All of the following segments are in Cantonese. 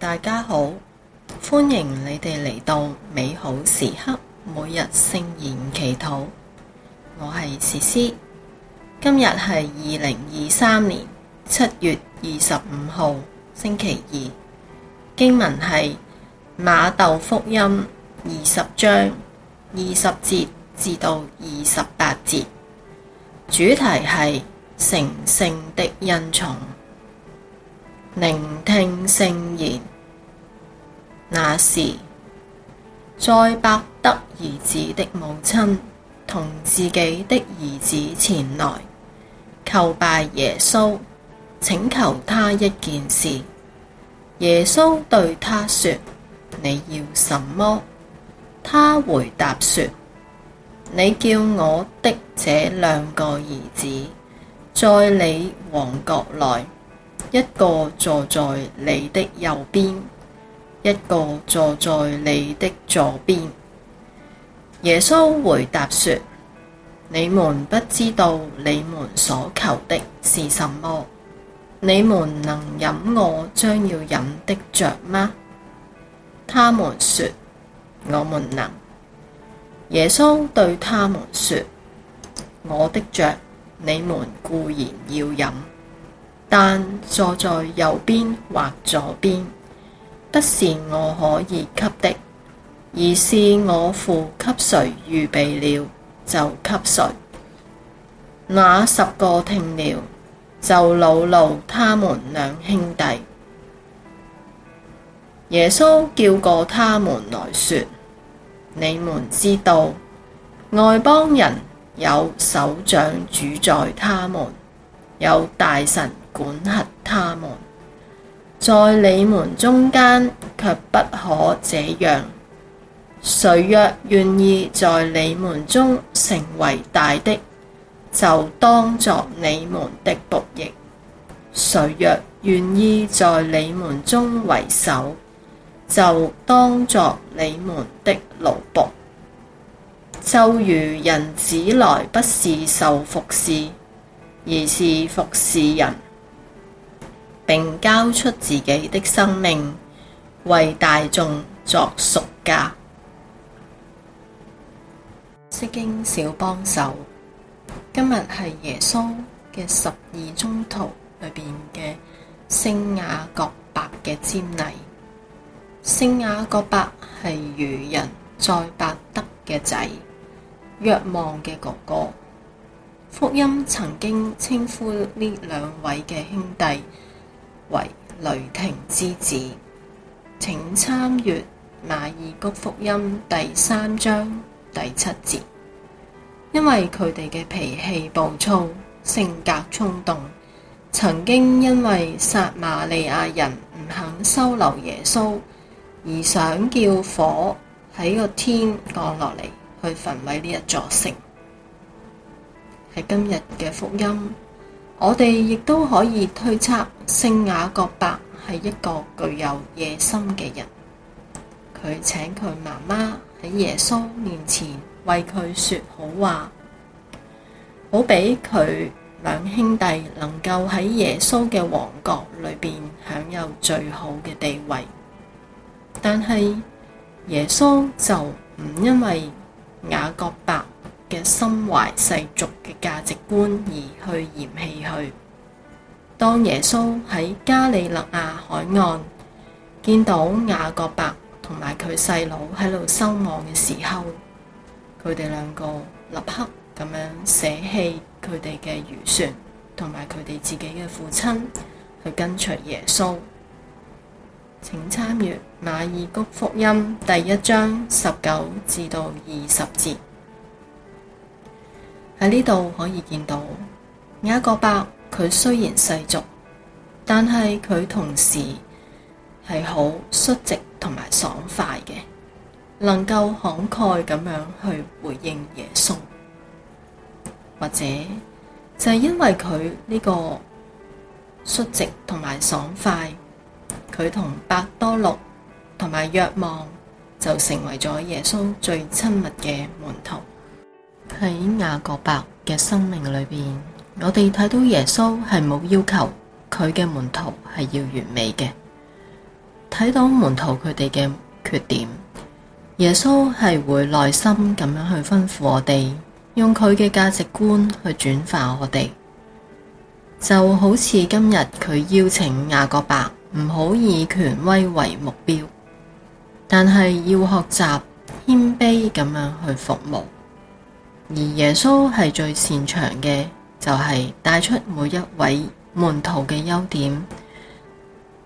大家好，歡迎你哋嚟到美好時刻，每日聖言祈禱。我係慈師，e. 今日係二零二三年七月二十五號星期二。經文係馬竇福音二十章二十節至到二十八節，主題係成聖的恩寵。聆聽聖言，那時，載伯德兒子的母親同自己的兒子前來叩拜耶穌，請求他一件事。耶穌對他說：你要什麼？他回答說：你叫我的這兩個兒子在你王國內。一個坐在你的右邊，一個坐在你的左邊。耶穌回答說：你們不知道你們所求的是什麼。你們能飲我將要飲的爵嗎？他們說：我們能。耶穌對他們說：我的爵，你們固然要飲。但坐在右邊或左邊，不是我可以給的，而是我父給誰預備了，就給誰。那十個聽了，就惱怒他們兩兄弟。耶穌叫過他們來說：你們知道，外邦人有首長主宰他們，有大臣，管轄他們，在你們中間卻不可這樣。誰若願意在你們中成為大的，就當作你們的僕役；誰若願意在你們中為首，就當作你們的奴僕。就如人子來不是受服侍，而是服侍人。並交出自己的生命，為大眾作贖價。釋經小幫手，今日係耶穌嘅十二宗徒裏邊嘅聖雅各伯嘅瞻禮。聖雅各伯係漁人載伯德嘅仔，若望嘅哥哥。福音曾經稱呼呢兩位嘅兄弟。為雷霆之子，請參閱馬爾谷福音第三章第七節。因為佢哋嘅脾氣暴躁，性格衝動，曾經因為撒瑪利亞人唔肯收留耶穌，而想叫火喺個天降落嚟，去焚毀呢一座城。係今日嘅福音。我哋亦都可以推測聖雅各伯係一個具有野心嘅人。佢請佢媽媽喺耶穌面前為佢說好話，好俾佢兩兄弟能夠喺耶穌嘅王國裏邊享有最好嘅地位。但係耶穌就唔因為雅各伯。嘅心懷世俗嘅價值觀而去嫌棄佢。當耶穌喺加里肋亞海岸見到雅各伯同埋佢細佬喺度收網嘅時候，佢哋兩個立刻噉樣捨棄佢哋嘅漁船同埋佢哋自己嘅父親，去跟隨耶穌。請參閱馬爾谷福音第1章19至20節。喺呢度可以見到，雅各伯佢雖然世俗，但係佢同時係好率直同埋爽快嘅，能夠慷慨咁樣去回應耶穌，或者就係、是、因為佢呢個率直同埋爽快，佢同伯多祿同埋若望就成為咗耶穌最親密嘅門徒。喺雅各伯嘅生命裏邊，我哋睇到耶穌係冇要求佢嘅門徒係要完美嘅，睇到門徒佢哋嘅缺點，耶穌係會耐心咁樣去吩咐我哋，用佢嘅價值觀去轉化我哋。就好似今日佢邀請雅各伯唔好以權威為目標，但係要學習謙卑咁樣去服務。而耶穌係最擅長嘅，就係帶出每一位門徒嘅優點，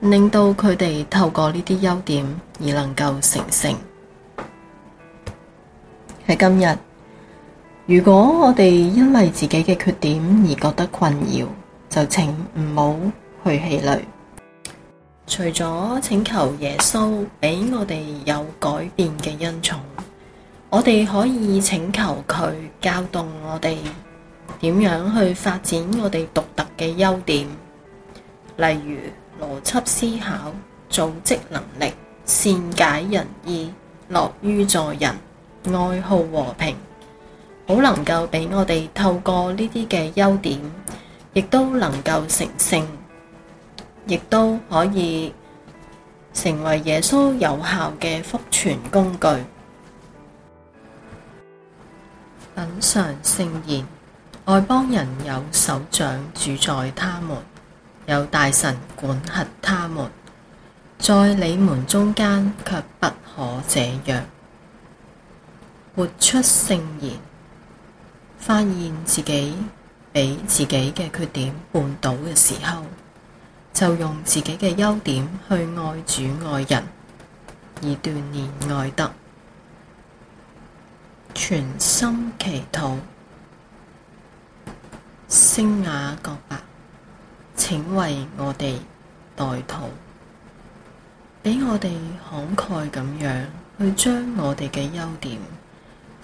令到佢哋透過呢啲優點而能夠成聖。喺今日，如果我哋因為自己嘅缺點而覺得困擾，就請唔好去氣餒。除咗請求耶穌俾我哋有改變嘅恩寵，我哋可以請求佢教導我哋，點樣去發展我哋獨特嘅優點，例如邏輯思考、組織能力、善解人意、樂於助人、愛好和平，好能夠畀我哋透過呢啲嘅優點，亦都能夠成聖。亦都可以成為耶穌有效嘅福傳工具。品嚐聖言，外邦人有首長主宰他們，有大臣管轄他們，在你們中間却不可這樣。活出聖言，發現自己俾自己嘅缺點絆倒嘅時候，就用自己嘅優點去愛主愛人，以鍛煉愛德。.全心祈禱，聖雅各伯，請為我哋代禱，畀我哋慷慨噉樣，去將我哋嘅優點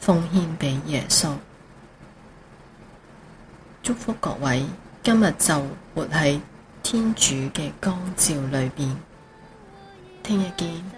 奉獻畀耶穌。祝福各位，今日就活喺天主嘅光照裏面，聽日見。